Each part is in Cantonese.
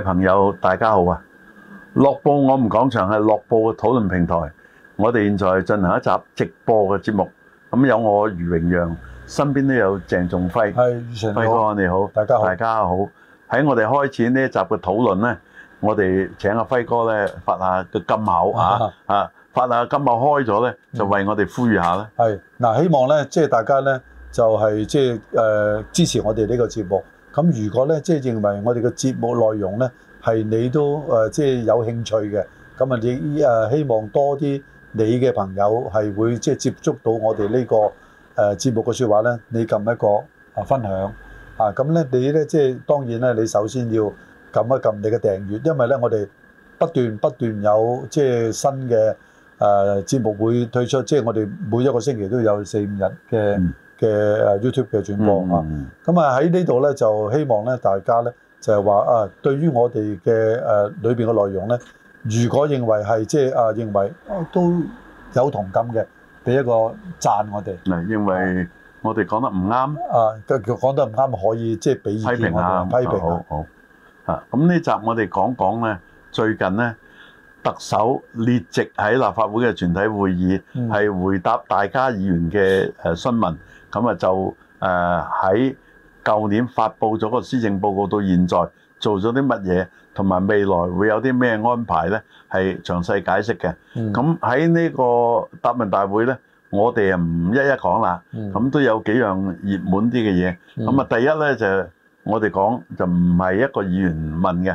朋友，大家好啊！樂報我哋講場係樂報嘅討論平台，我哋現在進行一集直播嘅節目。咁有我余榮讓，身邊都有鄭仲輝，輝哥好，你好，大家好，大家好。喺我哋開始呢一集嘅討論咧，我哋請阿、啊、輝哥咧發下個金口啊啊！發下金口開咗咧、嗯，就為我哋呼籲下啦。係嗱、啊，希望咧即係大家咧就係即係誒支持我哋呢個節目。咁如果咧，即係認為我哋嘅節目內容咧，係你都誒，即係有興趣嘅，咁啊，你誒希望多啲你嘅朋友係會即係接觸到我哋呢個誒節目嘅説話咧，你撳一個啊分享啊，咁咧你咧即係當然咧，你首先要撳一撳你嘅訂閱，因為咧我哋不斷不斷有即係新嘅誒節目會推出，即係我哋每一個星期都有四五日嘅。嗯嘅 YouTube 嘅轉播咁、嗯、啊喺呢度咧就希望咧大家咧就係話啊，對於我哋嘅裏面嘅內容咧，如果認為係即係啊，認為、啊、都有同感嘅，俾一個讚我哋。嗱，認為我哋講得唔啱啊，講、啊、得唔啱可以即係俾意見我哋。批評啊，批評啊，啊好好，好，啊，咁呢集我哋講講咧最近咧。特首列席喺立法會嘅全體會議，係回答大家議員嘅誒詢問。咁啊就誒喺舊年發布咗個施政報告，到現在做咗啲乜嘢，同埋未來會有啲咩安排咧，係詳細解釋嘅。咁喺呢個答問大會咧，我哋啊唔一一講啦。咁都有幾樣熱門啲嘅嘢。咁啊第一咧就我哋講就唔係一個議員問嘅。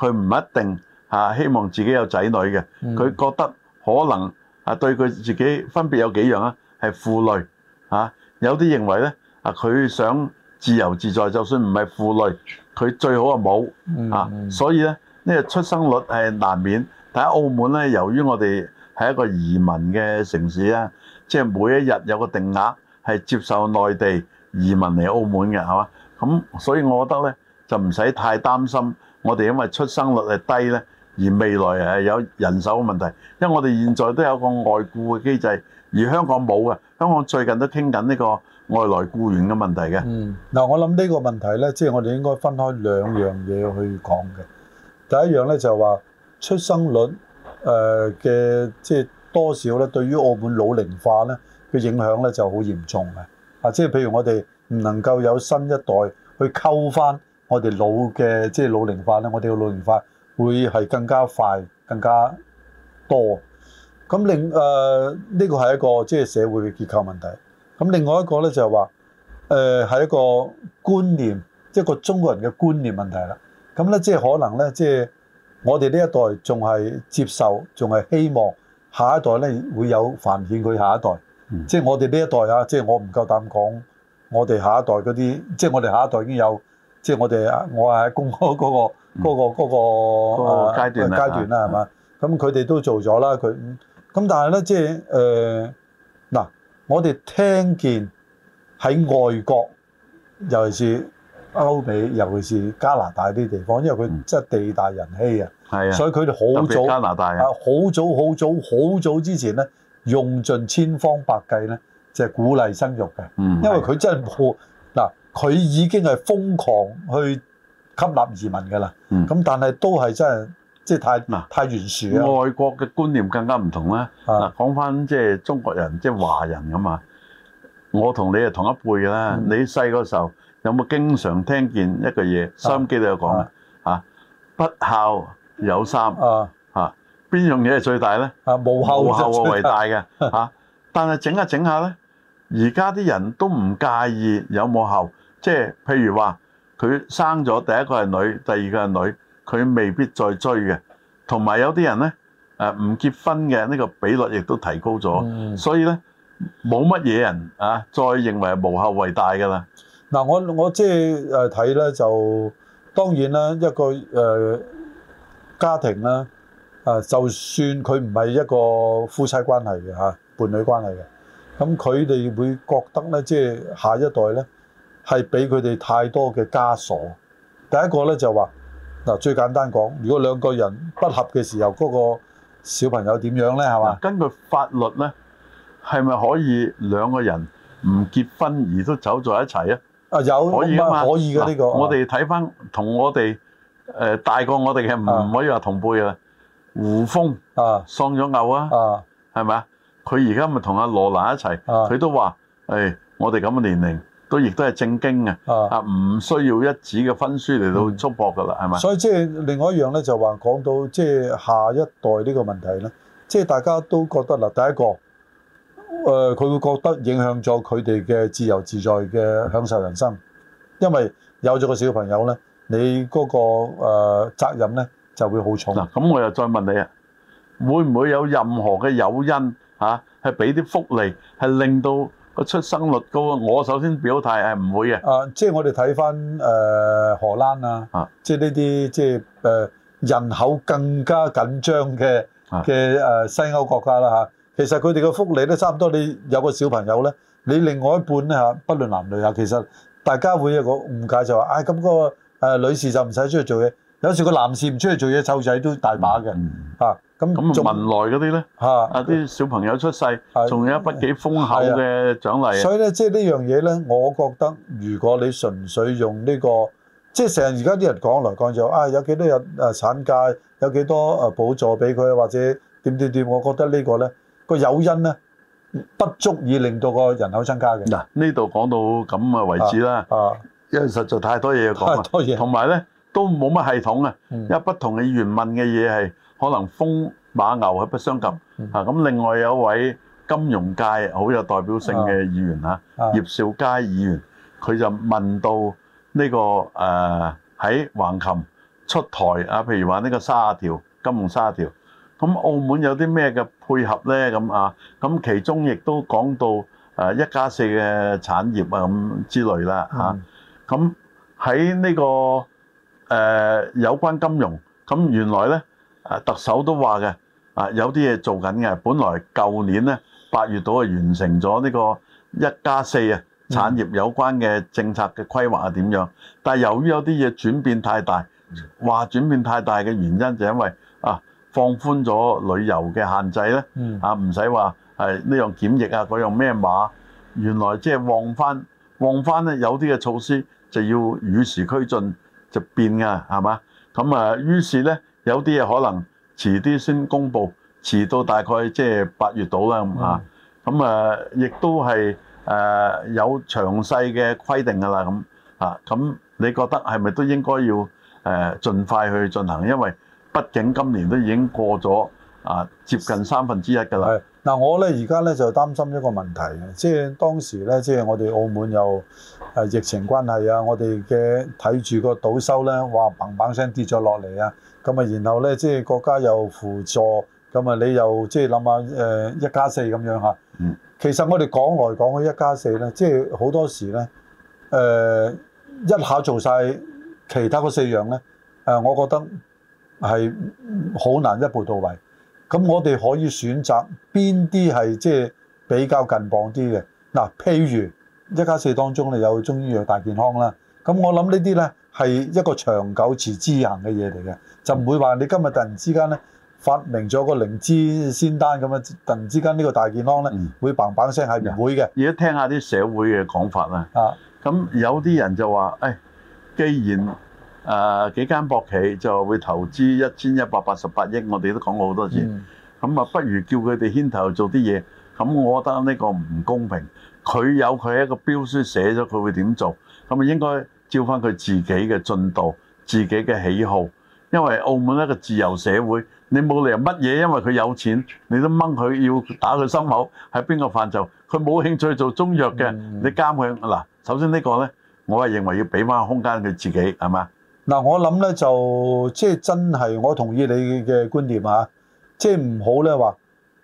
佢唔一定啊希望自己有仔女嘅，佢覺得可能啊對佢自己分別有幾樣啊，係負累啊。有啲認為咧啊，佢想自由自在，就算唔係負累，佢最好啊冇啊。所以咧呢個出生率係難免。但係澳門咧，由於我哋係一個移民嘅城市咧，即係每一日有個定額係接受內地移民嚟澳門嘅，係嘛，咁，所以我覺得咧就唔使太擔心。我哋因為出生率係低呢，而未來係有人手嘅問題，因為我哋現在都有個外雇嘅機制，而香港冇呀。香港最近都傾緊呢個外來僱員嘅問題嘅。嗯，嗱，我諗呢個問題呢，即係我哋應該分開兩樣嘢去講嘅。第一樣呢就係話出生率誒嘅即係多少呢，對於澳門老齡化呢嘅影響呢就好嚴重嘅。啊，即係譬如我哋唔能夠有新一代去溝翻。我哋老嘅即係老齡化咧，我哋嘅老齡化會，係更加快、更加多。咁另誒呢個係一個即係、就是、社會嘅結構問題。咁另外一個咧就係話誒係一個觀念，就是、一個中國人嘅觀念問題啦。咁咧即係可能咧即係我哋呢一代仲係接受，仲係希望下一代咧會有繁衍佢下一代。即、嗯、係、就是、我哋呢一代嚇、啊，即、就、係、是、我唔夠膽講，我哋下一代嗰啲，即、就、係、是、我哋下一代已經有。即係我哋、嗰個嗰個嗯、啊，我係喺公個嗰個嗰個嗰階段階段啦，係、啊、嘛？咁佢哋都做咗啦，佢咁、嗯、但係咧，即係誒嗱，我哋聽見喺外國，尤其是歐美，尤其是加拿大啲地方，因為佢真係地大人稀啊，係、嗯、啊，所以佢哋好早加拿大啊，好早好早好早之前咧，用盡千方百計咧，就係、是、鼓勵生育嘅、嗯，因為佢真係冇。佢已經係瘋狂去吸納移民嘅啦，咁、嗯、但係都係真係即係太、嗯、太懸殊啊！外國嘅觀念更加唔同啦。嗱、啊，講返即係中國人即係、就是、華人咁啊，我同你係同一輩嘅啦、嗯。你細個時候有冇經常聽見一個嘢？收音機都有講嘅嚇，不孝有三啊嚇，邊樣嘢係最大咧？啊，無後無後為大嘅嚇、啊啊，但係整一下整一下咧，而家啲人都唔介意有冇後。即、就、係譬如話，佢生咗第一個係女，第二個係女，佢未必再追嘅。同埋有啲人咧，誒唔結婚嘅呢個比率亦都提高咗、嗯，所以咧冇乜嘢人啊，再認為無後為大㗎啦。嗱、嗯，我我即係誒睇咧，就當然啦，一個誒、呃、家庭啦，誒、呃、就算佢唔係一個夫妻關係嘅嚇，啊、伴侶關係嘅，咁佢哋會覺得咧，即、就、係下一代咧。係俾佢哋太多嘅枷鎖。第一個咧就話嗱，最簡單講，如果兩個人不合嘅時候，嗰個小朋友點樣咧？係嘛？根據法律咧，係咪可以兩個人唔結婚而都走在一齊啊，啊，這個呃、啊，啊，啊，啊？啊，有可以啊，可以嘅呢個。我哋睇翻同我哋誒大過我哋嘅，唔可以話同輩啊。胡楓啊，喪咗偶啊，係咪啊？佢而家咪同阿羅蘭一齊，佢都話誒，我哋咁嘅年齡。也都亦都係正經嘅，啊唔需要一紙嘅分書嚟到束縛㗎喇，係咪、嗯？所以即係另外一樣咧，就話講到即係下一代呢個問題咧，即、就、係、是、大家都覺得嗱，第一個誒佢、呃、會覺得影響咗佢哋嘅自由自在嘅享受人生，因為有咗個小朋友咧，你嗰、那個誒、呃、責任咧就會好重。嗱，咁我又再問你啊，會唔會有任何嘅誘因嚇係俾啲福利係令到出生率高，我首先表態係唔會嘅。啊，即係我哋睇返誒荷蘭啊，啊即係呢啲即係誒人口更加緊張嘅嘅誒西歐國家啦啊嚇。其實佢哋嘅福利咧差唔多，你有個小朋友咧，你另外一半咧嚇，不論男女啊。其實大家會有個誤解就話，唉哎咁嗰個誒女士就唔使出去做嘢。有時個男士唔出去做嘢湊仔都大把嘅嚇，咁咁文萊嗰啲咧嚇啊啲小朋友出世，仲有一筆幾豐厚嘅獎勵。所以咧，即係呢樣嘢咧，我覺得如果你純粹用呢個，即係成日而家啲人講來講就啊，有幾多日啊產假，有幾多啊補助俾佢，或者點點點，我覺得呢個咧個誘因咧不足以令到個人口增加嘅。嗱，呢度講到咁啊為止啦，啊，因為實在太多嘢講，太多嘢，同埋咧。都冇乜系統啊，因為不同嘅議員問嘅嘢係可能風馬牛係不相及咁、嗯啊、另外有位金融界好有代表性嘅議員，哦、啊，葉少佳議員，佢就問到呢、這個誒喺、啊、橫琴出台啊，譬如話呢個卅條金融卅條，咁澳門有啲咩嘅配合咧？咁啊，咁其中亦都講到誒一加四嘅產業啊咁之類啦咁喺呢個誒、呃、有關金融咁，原來咧誒特首都話嘅，啊有啲嘢做緊嘅。本來舊年咧八月度啊完成咗呢個一加四啊產業有關嘅政策嘅規劃係點樣？但係由於有啲嘢轉變太大，話轉變太大嘅原因就因為啊放寬咗旅遊嘅限制咧，啊唔使話係呢樣檢疫啊嗰樣咩碼，原來即係望翻望翻咧有啲嘅措施就要與時俱進。就變㗎，係嘛？咁啊，於是咧，有啲嘢可能遲啲先公佈，遲到大概即係八月到啦，嚇。咁啊，亦、啊、都係誒、啊、有詳細嘅規定㗎啦，咁、啊、嚇。咁、啊啊啊、你覺得係咪都應該要誒、啊、盡快去進行？因為畢竟今年都已經過咗啊，接近三分之一㗎啦。係。嗱，我咧而家咧就擔心一個問題嘅，即、就、係、是、當時咧，即、就、係、是、我哋澳門有。誒、啊、疫情關係啊，我哋嘅睇住個倒收咧，哇砰砰聲跌咗落嚟啊！咁啊，然後咧即係國家又輔助，咁啊你又即係諗下誒一加四咁樣嚇、啊。嗯。其實我哋講來講去一加四咧，即係好多時咧誒、呃、一下做晒其他嗰四樣咧，誒、呃、我覺得係好難一步到位。咁我哋可以選擇邊啲係即係比較近磅啲嘅嗱，譬如。一加四當中咧有中醫藥大健康啦，咁我諗呢啲呢係一個長久持之以恆嘅嘢嚟嘅，就唔會話你今日突然之間呢，發明咗個靈芝仙丹咁樣，突然之間呢個大健康呢、嗯、會砰砰聲係唔會嘅。而家聽下啲社會嘅講法啦。啊，咁有啲人就話，誒、哎，既然誒、呃、幾間博企就會投資一千一百八十八億，我哋都講過好多次，咁、嗯、啊，咪不如叫佢哋牽頭做啲嘢，咁我覺得呢個唔公平。佢有佢一個標書寫咗，佢會點做？咁啊應該照翻佢自己嘅進度、自己嘅喜好。因為澳門一個自由社會，你冇理由乜嘢，因為佢有錢，你都掹佢要打佢心口，喺邊個範疇，佢冇興趣做中藥嘅、嗯，你監佢嗱。首先呢、呢個咧，我係認為要俾翻空間佢自己，係嘛？嗱、嗯，我諗咧就即係、就是、真係我同意你嘅觀點啊，即係唔好咧話。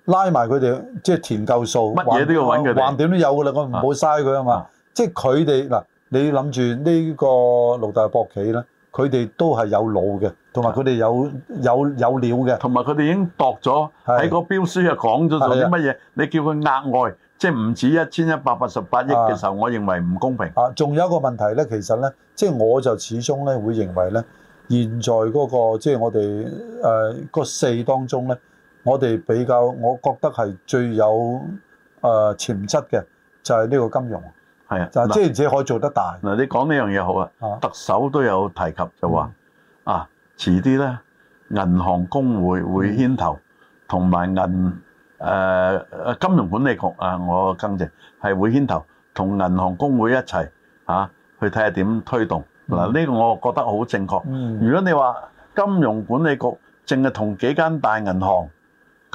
拉埋佢哋，即係填夠數，乜嘢都要揾佢，橫點都有㗎啦。我唔好嘥佢啊嘛。即係佢哋嗱，你諗住呢個六大博企咧，佢哋都係有腦嘅，同埋佢哋有有有、有料嘅，同埋佢哋已經度咗喺個標書啊，講咗做啲乜嘢。你叫佢額外，即係唔止一千一百八十八億嘅時候，我認為唔公平。啊，仲有一個問題咧，其實咧，即係我就始終咧會認為咧，現在嗰個即係我哋誒個四當中咧。我哋比較，我覺得係最有誒潛質嘅就係呢個金融，係啊，即係而且可以做得大的的。嗱，你講呢樣嘢好啊，特首都有提及就話、嗯、啊，遲啲咧，銀行公會會牽頭，同埋銀誒金融管理局啊，我更正係會牽頭，同銀行公會一齊嚇、啊、去睇下點推動。嗱、嗯，呢、啊呢個我覺得好正確。如果你話金融管理局淨係同幾間大銀行，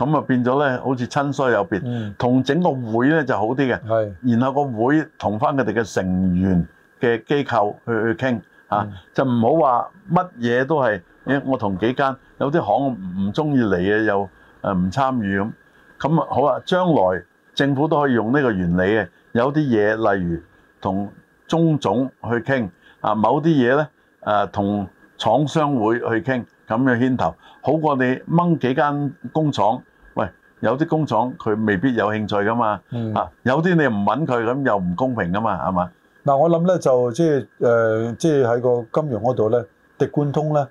咁啊變咗咧，好似親疏有別，同、嗯、整個會咧就好啲嘅。然後個會同翻佢哋嘅成員嘅機構去去傾、嗯啊、就唔好話乜嘢都係，我同幾間有啲行唔唔中意嚟嘅又誒唔參與咁。咁啊好啦，將來政府都可以用呢個原理嘅，有啲嘢例如同中總去傾啊，某啲嘢咧誒同廠商會去傾咁樣牽頭，好過你掹幾間工廠。有啲工廠佢未必有興趣噶嘛，啊有啲你唔揾佢咁又唔公平噶嘛，係嘛？嗱我諗咧就即係誒即係喺個金融嗰度咧，滴灌通咧，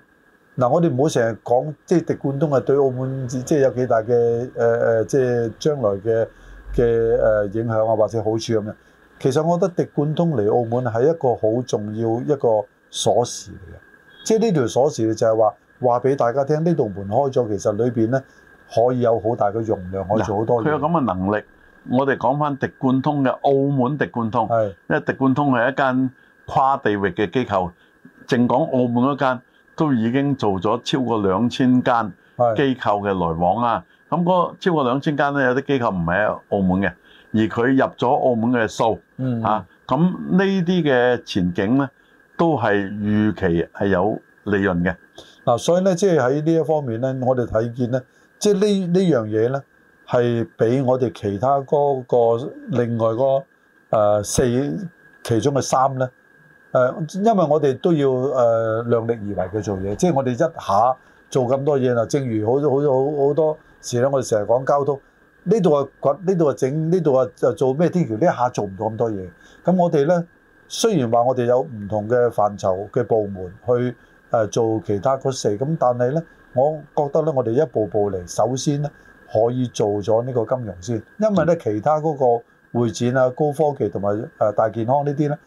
嗱我哋唔好成日講即係滴灌通係對澳門即係有幾大嘅誒誒即係將來嘅嘅誒影響啊或者好處咁樣。其實我覺得滴灌通嚟澳門係一個好重要一個鎖匙嚟嘅，即係呢條鎖匙就係話話俾大家聽呢度門開咗，其實裏邊咧。可以有好大嘅容量，可以做好多嘢。佢有咁嘅能力，我哋講翻迪貫通嘅澳門迪貫通，因為迪貫通係一間跨地域嘅機構，淨講澳門嗰間都已經做咗超過兩千間機構嘅來往啦。咁嗰超過兩千間咧，有啲機構唔係喺澳門嘅，而佢入咗澳門嘅數。嗯吓，咁呢啲嘅前景咧都係預期係有利潤嘅。嗱、嗯嗯，所以咧即係喺呢、就是、一方面咧，我哋睇見咧。即係呢呢樣嘢咧，係畀我哋其他嗰、嗰個另外、嗰個誒、呃、四其中嘅三咧，誒、呃、因為我哋都要誒、呃、量力而為嘅做嘢，即係我哋一下做咁多嘢嗱，正如好多好多好好，好多事咧，我哋成日講交通，呢度啊掘，呢度啊整，呢度啊就做咩天橋，呢下做唔到咁多嘢。咁我哋咧雖然話我哋有唔同嘅範疇嘅部門去誒、呃、做其他嗰四，咁但係咧。我覺得咧，我哋一步步嚟，首先咧可以做咗呢個金融先，因為咧其他嗰個會展啊、高科技同埋誒大健康呢啲咧，呢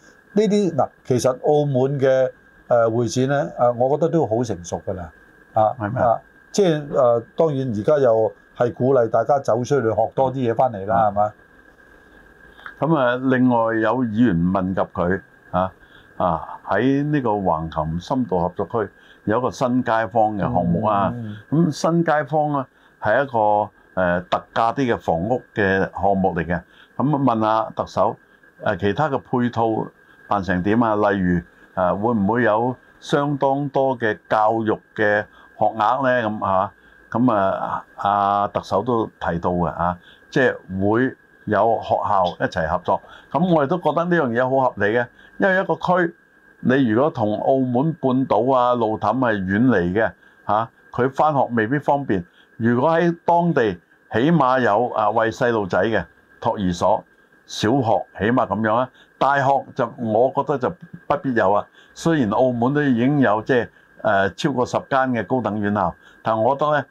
啲嗱其實澳門嘅誒會展咧，誒我覺得都好成熟㗎啦，啊啊，即係誒、啊、當然而家又係鼓勵大家走出去學多啲嘢翻嚟啦，係、嗯、嘛？咁啊，另外有議員問及佢啊啊喺呢個橫琴深度合作區。有一個新街坊嘅項目啊，咁新街坊咧係一個誒特價啲嘅房屋嘅項目嚟嘅。咁問下特首誒，其他嘅配套辦成點啊？例如誒，會唔會有相當多嘅教育嘅學額咧？咁啊，咁啊，阿特首都提到嘅啊，即係會有學校一齊合作。咁我哋都覺得呢樣嘢好合理嘅，因為一個區。你如果同澳門半島啊路氹係遠離嘅嚇，佢、啊、翻學未必方便。如果喺當地，起碼有啊為細路仔嘅托兒所、小學，起碼咁樣啊。大學就我覺得就不必有啊。雖然澳門都已經有即係、就是呃、超過十間嘅高等院校，但我覺得咧，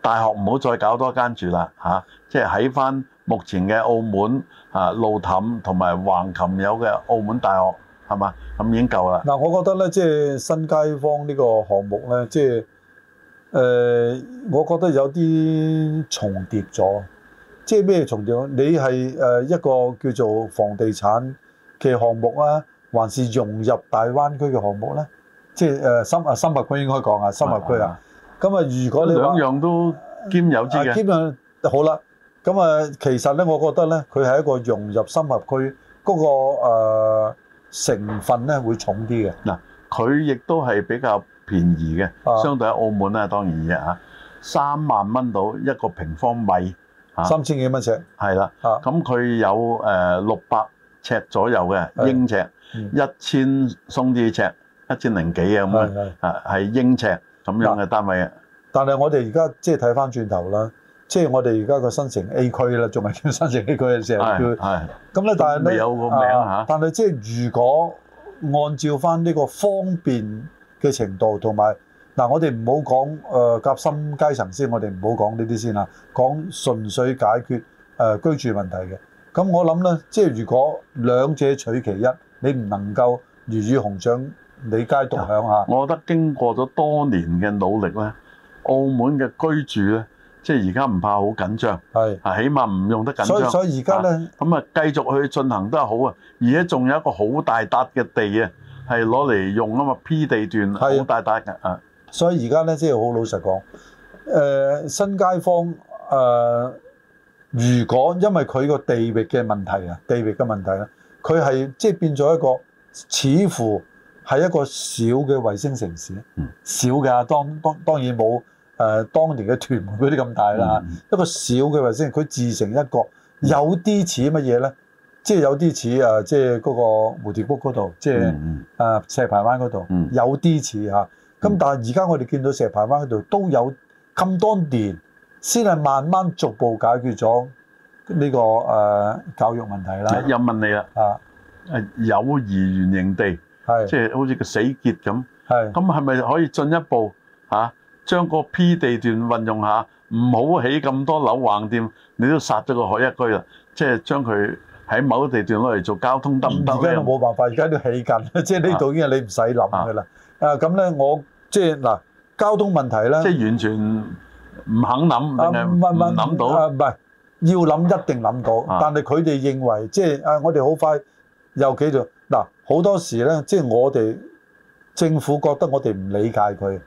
大學唔好再搞多間住啦嚇。即係喺翻目前嘅澳門啊路氹同埋橫琴有嘅澳門大學。係嘛？咁已經夠啦。嗱，我覺得咧，即係新街坊呢個項目咧，即係誒，我覺得有啲重疊咗。即係咩重疊咗？你係誒一個叫做房地產嘅項目啊，還是融入大灣區嘅項目咧？即係誒深啊，深合區應該講啊，深合區啊。咁啊，如果你兩樣都兼有之嘅。兼有好啦。咁啊，其實咧，我覺得咧，佢係一個融入深合區嗰個誒。成分咧會重啲嘅。嗱佢亦都係比較便宜嘅，啊，相對喺澳門咧當然嘅三萬蚊到一個平方米，啊、三千幾蚊尺，係啦，咁、啊、佢有六百尺左右嘅英尺，一千鬆啲尺，一千零幾啊咁啊，係英尺咁樣嘅單位。但係我哋而家即係睇翻轉頭啦。即係我哋而家個新城 A 區啦，仲係叫新城 A 區嘅時候叫，咁咧但係你有個名吓，但係即係如果按照翻呢個方便嘅程度同埋嗱，我哋唔好講誒夾心階層先，我哋唔好講呢啲先啦，講純粹解決誒居住問題嘅。咁我諗咧，即係如果兩者取其一，你唔能夠魚與熊掌，你皆獨享嚇。我覺得經過咗多年嘅努力咧，澳門嘅居住咧。即係而家唔怕好緊張，係啊，起碼唔用得緊張。所以而家咧，咁啊繼續去進行都係好啊，而家仲有一個好大笪嘅地啊，係攞嚟用啊嘛，P 地段係好大笪嘅啊。所以而家咧，即係好老實講，誒、呃、新街坊誒、呃，如果因為佢個地域嘅問題啊，地域嘅問題咧，佢係即係變咗一個似乎係一個小嘅衛星城市，嗯，小嘅，當當當然冇。誒、呃、當年嘅屯門嗰啲咁大啦、嗯，一個小嘅話先，佢自成一國、嗯，有啲似乜嘢咧？即、就、係、是、有啲似誒，即係嗰個蝴蝶谷嗰度，即係誒石排灣嗰度，有啲似嚇。咁、啊、但係而家我哋見到石排灣嗰度都有咁、嗯、多年，先係慢慢逐步解決咗呢、這個誒、呃、教育問題啦。又問你啦，啊誒，幼兒園營地係即係好似個死結咁，係咁係咪可以進一步嚇？啊將個 P 地段運用下，唔好起咁多樓橫掂，你都殺咗個海一居啦。即係將佢喺某啲地段攞嚟做交通燈。而家冇辦法，而家都在起緊。即係呢度已經你唔使諗噶啦。啊，啊，啊，咁咧，我即係嗱交通問題咧，即係完全唔肯諗，唔諗到。唔係要諗，一定諗到。啊、但係佢哋認為，即係啊，我哋好快又繼續。嗱，好多時咧，即係我哋政府覺得我哋唔理解佢。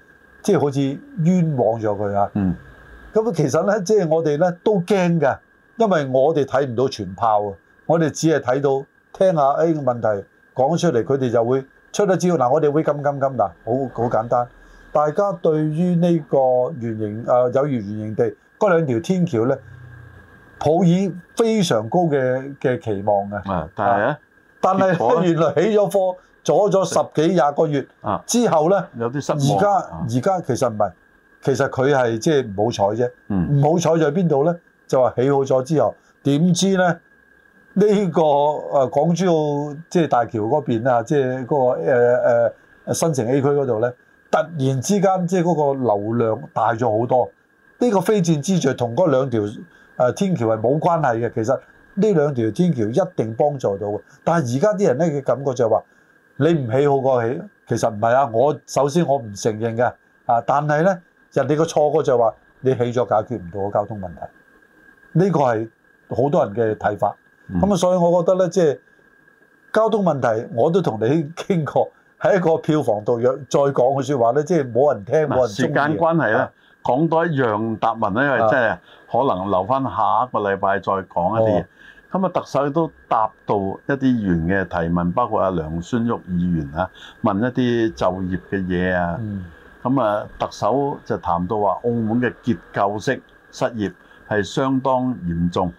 即、就、係、是、好似冤枉咗佢啊！咁、嗯、其實咧，即、就、係、是、我哋咧都驚嘅，因為我哋睇唔到全炮啊！我哋只係睇到聽下誒、哎、問題講出嚟，佢哋就會出得招嗱，我哋會咁咁咁嗱，好好簡單。大家對於呢個圓形啊、呃，有圓,圓形地嗰兩條天橋咧，抱以非常高嘅嘅期望嘅。啊，但係咧？但係原來起咗貨。阻咗十幾廿個月、啊、之後咧，有啲失望，而家而家其實唔係，其實佢係即係唔好彩啫。唔好彩在邊度咧？就話起好咗之後，點知咧呢、這個、呃、港珠澳即係大橋嗰邊啊，即係、那、嗰個、呃、新城 A 區嗰度咧，突然之間即係嗰個流量大咗好多。呢、這個非戰之罪同嗰兩條天橋係冇關係嘅。其實呢兩條天橋一定幫助到嘅，但係而家啲人咧嘅感覺就係話。你唔起好過起，其實唔係啊！我首先我唔承認嘅啊，但係咧人哋嘅錯過就係話你起咗解決唔到嘅交通問題，呢個係好多人嘅睇法。咁、嗯、啊，所以我覺得咧，即、就、係、是、交通問題，我都同你傾過，喺一個票房度若再講嘅説話咧，即係冇人聽，冇、嗯、人中意。時間關係咧、啊，講多一樣答問咧，即係、就是啊、可能留翻下一個禮拜再講一啲嘢。哦。咁啊，特首亦都答到一啲議員嘅提問，包括阿梁孫玉議員啊，問一啲就業嘅嘢啊。嗯，咁啊，特首就談到話，澳門嘅結構式失業係相當嚴重。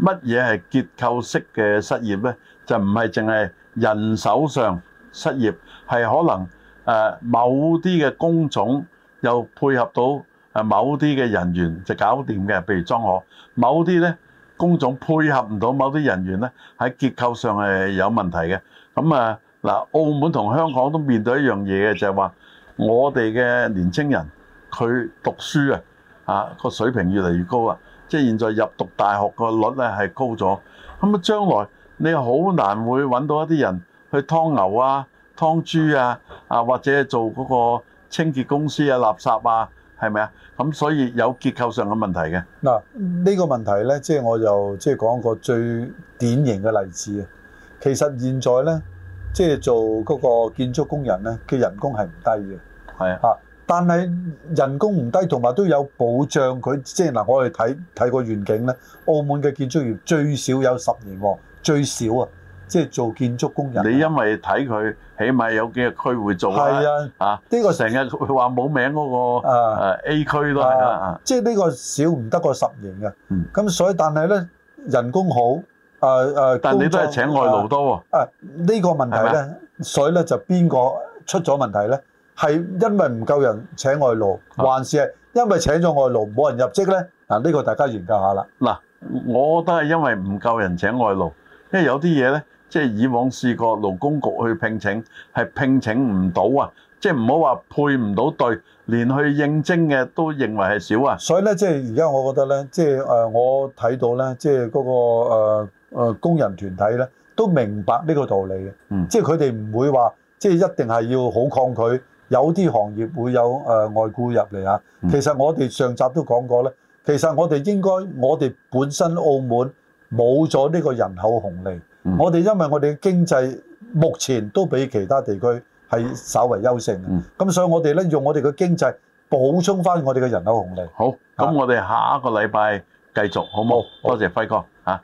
乜嘢係結構式嘅失業咧？就唔係淨係人手上失業，係可能誒某啲嘅工種又配合到誒某啲嘅人員就搞掂嘅，譬如裝潢。某啲咧。工種配合唔到某啲人員咧，喺結構上係有問題嘅。咁啊，嗱，澳門同香港都面對一樣嘢嘅，就係話我哋嘅年青人佢讀書啊，啊個水平越嚟越高啊，即係現在入讀大學個率咧係高咗。咁啊，將來你好難會揾到一啲人去劏牛啊、劏豬啊，啊或者做嗰個清潔公司啊垃圾啊。係咪啊？咁所以有結構上嘅問題嘅。嗱，呢個問題咧，即係我就即係講個最典型嘅例子啊。其實現在咧，即係做嗰個建築工人咧，嘅人工係唔低嘅。係啊，嚇！但係人工唔低，同埋都有保障。佢即係嗱，我哋睇睇個前景咧，澳門嘅建築業最少有十年喎，最少啊。即係做建築工人，你因為睇佢起碼有幾個區會做啦。係啊，啊呢個成日佢話冇名嗰個誒 A 區咯。係啊，即係呢個少唔得過十年嘅。嗯，咁所以但係咧人工好誒誒，但係你都係請外勞多喎。啊，呢個問題咧，所以咧就邊個出咗問題咧？係因為唔夠人請外勞，還是係因為請咗外勞冇人入職咧？嗱，呢個大家研究下啦。嗱，我都係因為唔夠人請外勞。因為有啲嘢咧，即係以往試過勞工局去聘請，係聘請唔到啊！即係唔好話配唔到對，連去應徵嘅都認為係少啊。所以咧，即係而家我覺得咧，即係誒我睇到咧，即係嗰個誒誒工人團體咧，都明白呢個道理嘅。嗯。即係佢哋唔會話，即係一定係要好抗拒。有啲行業會有誒外僱入嚟啊。其實我哋上集都講過咧，其實我哋應該，我哋本身澳門。冇咗呢個人口紅利，嗯、我哋因為我哋嘅經濟目前都比其他地區係稍為優勝咁，嗯、所以我哋咧用我哋嘅經濟補充翻我哋嘅人口紅利。好，咁、啊、我哋下一個禮拜繼續，好唔好？多謝輝哥、啊。